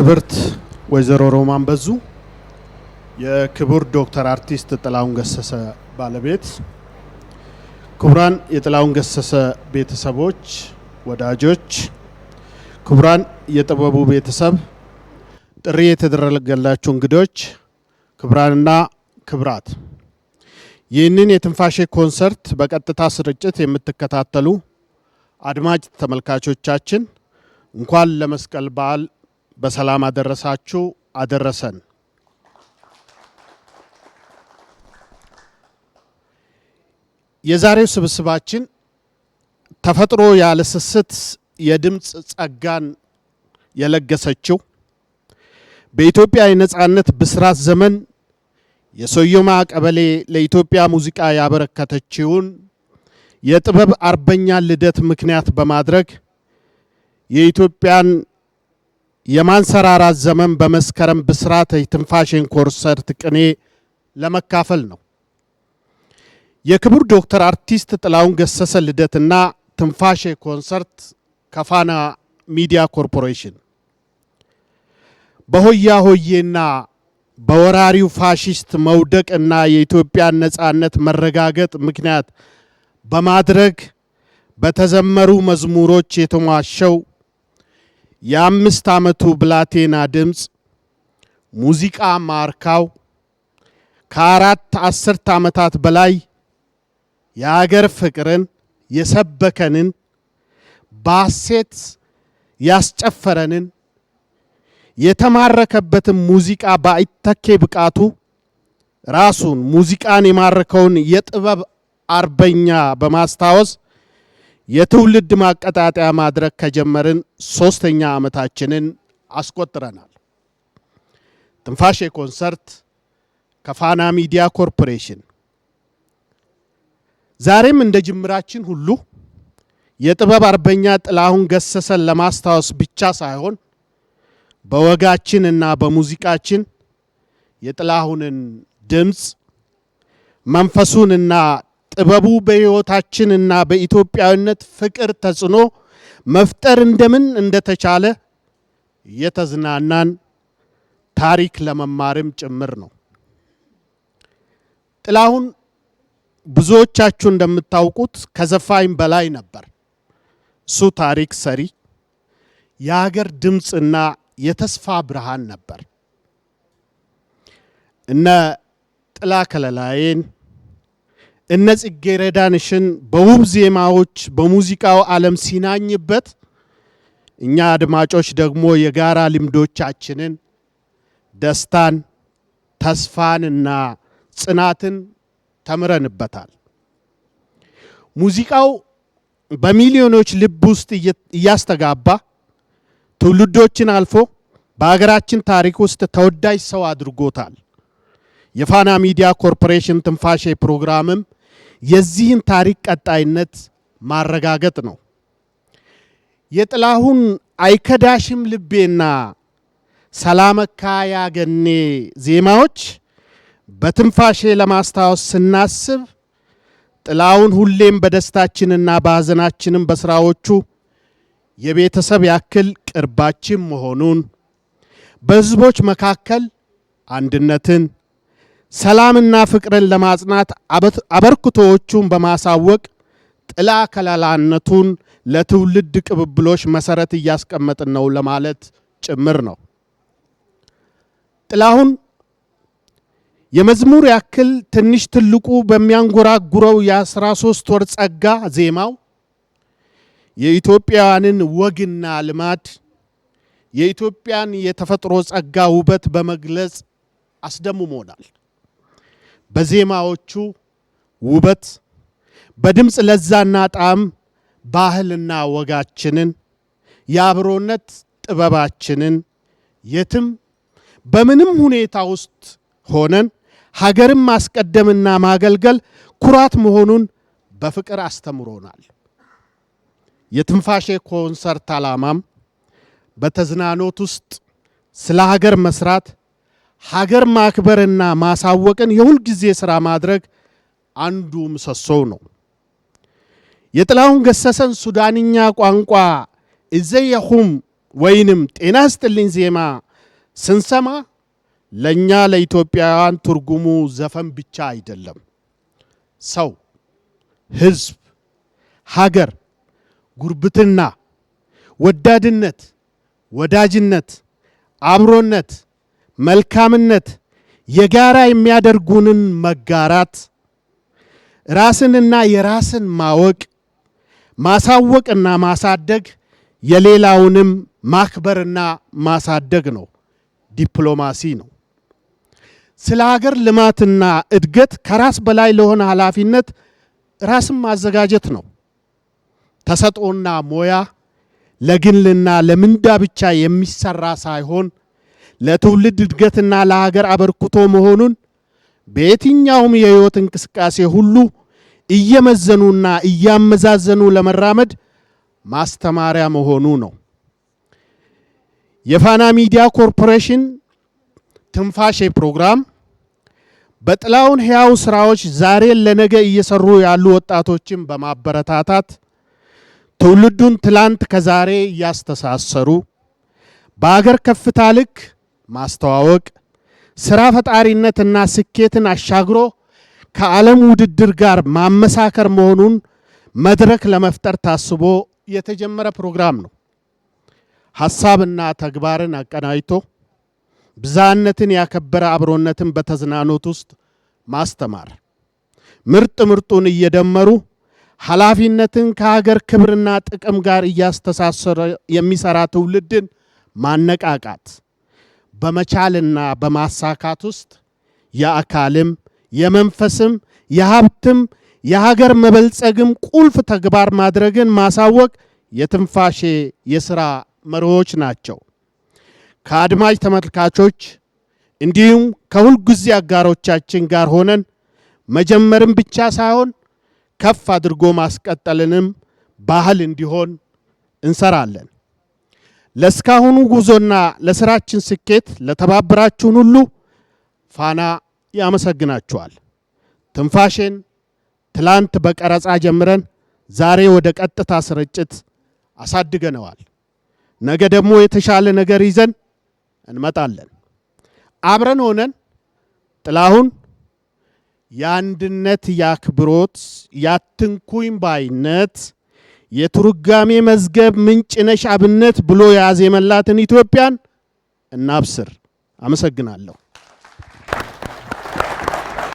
ክብርት ወይዘሮ ሮማን በዙ የክቡር ዶክተር አርቲስት ጥላሁን ገሰሰ ባለቤት፣ ክቡራን የጥላሁን ገሰሰ ቤተሰቦች፣ ወዳጆች፣ ክቡራን የጥበቡ ቤተሰብ ጥሪ የተደረገላችሁ እንግዶች፣ ክቡራንና ክቡራት ይህንን የትንፋሼ ኮንሰርት በቀጥታ ስርጭት የምትከታተሉ አድማጭ ተመልካቾቻችን እንኳን ለመስቀል በዓል በሰላም አደረሳችሁ አደረሰን። የዛሬው ስብስባችን ተፈጥሮ ያለ ስስት የድምፅ ጸጋን የለገሰችው በኢትዮጵያ የነጻነት ብስራት ዘመን የሶዮማ ቀበሌ ለኢትዮጵያ ሙዚቃ ያበረከተችውን የጥበብ አርበኛ ልደት ምክንያት በማድረግ የኢትዮጵያን የማንሰራራት ዘመን በመስከረም ብስራት የትንፋሽን ኮንሰርት ቅኔ ለመካፈል ነው። የክቡር ዶክተር አርቲስት ጥላሁን ገሰሰ ልደትና ትንፋሼ ኮንሰርት ከፋና ሚዲያ ኮርፖሬሽን በሆያ ሆዬና በወራሪው ፋሽስት እና የኢትዮጵያን ነፃነት መረጋገጥ ምክንያት በማድረግ በተዘመሩ መዝሙሮች የተሟሸው የአምስት ዓመቱ ብላቴና ድምፅ ሙዚቃ ማርካው ከአራት አስርት ዓመታት በላይ የአገር ፍቅርን የሰበከንን ባሴት ያስጨፈረንን የተማረከበትን ሙዚቃ በአይተኬ ብቃቱ ራሱን ሙዚቃን የማረከውን የጥበብ አርበኛ በማስታወስ የትውልድ ማቀጣጠያ ማድረግ ከጀመርን ሶስተኛ ዓመታችንን አስቆጥረናል። ትንፋሼ ኮንሰርት ከፋና ሚዲያ ኮርፖሬሽን ዛሬም እንደ ጅምራችን ሁሉ የጥበብ አርበኛ ጥላሁን ገሰሰን ለማስታወስ ብቻ ሳይሆን በወጋችን እና በሙዚቃችን የጥላሁንን ድምፅ መንፈሱንና ጥበቡ በሕይወታችን እና በኢትዮጵያዊነት ፍቅር ተጽዕኖ መፍጠር እንደምን እንደተቻለ እየተዝናናን ታሪክ ለመማርም ጭምር ነው። ጥላሁን ብዙዎቻችሁ እንደምታውቁት ከዘፋኝ በላይ ነበር። እሱ ታሪክ ሰሪ፣ የሀገር ድምፅና የተስፋ ብርሃን ነበር። እነ ጥላ ከለላዬን እነ ጽጌረዳንሽን በውብ ዜማዎች በሙዚቃው ዓለም ሲናኝበት እኛ አድማጮች ደግሞ የጋራ ልምዶቻችንን ደስታን፣ ተስፋንና ጽናትን ተምረንበታል። ሙዚቃው በሚሊዮኖች ልብ ውስጥ እያስተጋባ ትውልዶችን አልፎ በሀገራችን ታሪክ ውስጥ ተወዳጅ ሰው አድርጎታል። የፋና ሚዲያ ኮርፖሬሽን ትንፋሼ ፕሮግራምም የዚህን ታሪክ ቀጣይነት ማረጋገጥ ነው። የጥላሁን አይከዳሽም ልቤና ሰላመካ ያገኔ ዜማዎች በትንፋሼ ለማስታወስ ስናስብ ጥላሁን ሁሌም በደስታችንና በሐዘናችንም በሥራዎቹ የቤተሰብ ያክል ቅርባችን መሆኑን በሕዝቦች መካከል አንድነትን ሰላምና ፍቅርን ለማጽናት አበርክቶዎቹን በማሳወቅ ጥላ ከለላነቱን ለትውልድ ቅብብሎች መሰረት እያስቀመጥን ነው ለማለት ጭምር ነው። ጥላሁን የመዝሙር ያክል ትንሽ ትልቁ በሚያንጎራጉረው የአስራ ሶስት ወር ጸጋ ዜማው የኢትዮጵያውያንን ወግና ልማድ የኢትዮጵያን የተፈጥሮ ጸጋ ውበት በመግለጽ አስደምሞናል። በዜማዎቹ ውበት፣ በድምፅ ለዛና ጣዕም ባህልና ወጋችንን፣ የአብሮነት ጥበባችንን የትም በምንም ሁኔታ ውስጥ ሆነን ሀገርን ማስቀደምና ማገልገል ኩራት መሆኑን በፍቅር አስተምሮናል። የትንፋሼ ኮንሰርት ዓላማም በተዝናኖት ውስጥ ስለ ሀገር መስራት ሀገር ማክበርና ማሳወቅን የሁል ጊዜ ስራ ማድረግ አንዱ ምሰሶው ነው። የጥላሁን ገሰሰን ሱዳንኛ ቋንቋ እዘየኹም ወይንም ጤና ስጥልኝ ዜማ ስንሰማ ለእኛ ለኢትዮጵያውያን ትርጉሙ ዘፈን ብቻ አይደለም። ሰው፣ ህዝብ፣ ሀገር፣ ጉርብትና፣ ወዳድነት፣ ወዳጅነት፣ አብሮነት መልካምነት የጋራ የሚያደርጉንን መጋራት፣ ራስንና የራስን ማወቅ ማሳወቅና ማሳደግ፣ የሌላውንም ማክበርና ማሳደግ ነው። ዲፕሎማሲ ነው። ስለ ሀገር ልማትና እድገት ከራስ በላይ ለሆነ ኃላፊነት ራስን ማዘጋጀት ነው። ተሰጥኦና ሙያ ለግልና ለምንዳ ብቻ የሚሰራ ሳይሆን ለትውልድ እድገትና ለሀገር አበርክቶ መሆኑን በየትኛውም የሕይወት እንቅስቃሴ ሁሉ እየመዘኑና እያመዛዘኑ ለመራመድ ማስተማሪያ መሆኑ ነው። የፋና ሚዲያ ኮርፖሬሽን ትንፋሼ ፕሮግራም በጥላውን ሕያው ስራዎች ዛሬን ለነገ እየሰሩ ያሉ ወጣቶችን በማበረታታት ትውልዱን ትላንት ከዛሬ እያስተሳሰሩ በአገር ከፍታ ልክ ማስተዋወቅ ስራ ፈጣሪነትና ስኬትን አሻግሮ ከዓለም ውድድር ጋር ማመሳከር መሆኑን መድረክ ለመፍጠር ታስቦ የተጀመረ ፕሮግራም ነው። ሀሳብና ተግባርን አቀናጅቶ ብዝሃነትን ያከበረ አብሮነትን በተዝናኖት ውስጥ ማስተማር፣ ምርጥ ምርጡን እየደመሩ ኃላፊነትን ከሀገር ክብርና ጥቅም ጋር እያስተሳሰረ የሚሰራ ትውልድን ማነቃቃት በመቻልና በማሳካት ውስጥ የአካልም የመንፈስም የሀብትም የሀገር መበልጸግም ቁልፍ ተግባር ማድረግን ማሳወቅ የትንፋሼ የሥራ መርሆች ናቸው። ከአድማጭ ተመልካቾች እንዲሁም ከሁልጊዜ አጋሮቻችን ጋር ሆነን መጀመርን ብቻ ሳይሆን ከፍ አድርጎ ማስቀጠልንም ባህል እንዲሆን እንሰራለን። ለእስካሁኑ ጉዞና ለስራችን ስኬት ለተባበራችሁን ሁሉ ፋና ያመሰግናችኋል። ትንፋሽን ትላንት በቀረጻ ጀምረን ዛሬ ወደ ቀጥታ ስርጭት አሳድገነዋል። ነገ ደግሞ የተሻለ ነገር ይዘን እንመጣለን። አብረን ሆነን ጥላሁን የአንድነት የአክብሮት ያትንኩኝ ባይነት የትርጓሜ መዝገብ ምንጭ ነሽ አብነት ብሎ የመላትን ኢትዮጵያን እናብስር። አመሰግናለሁ።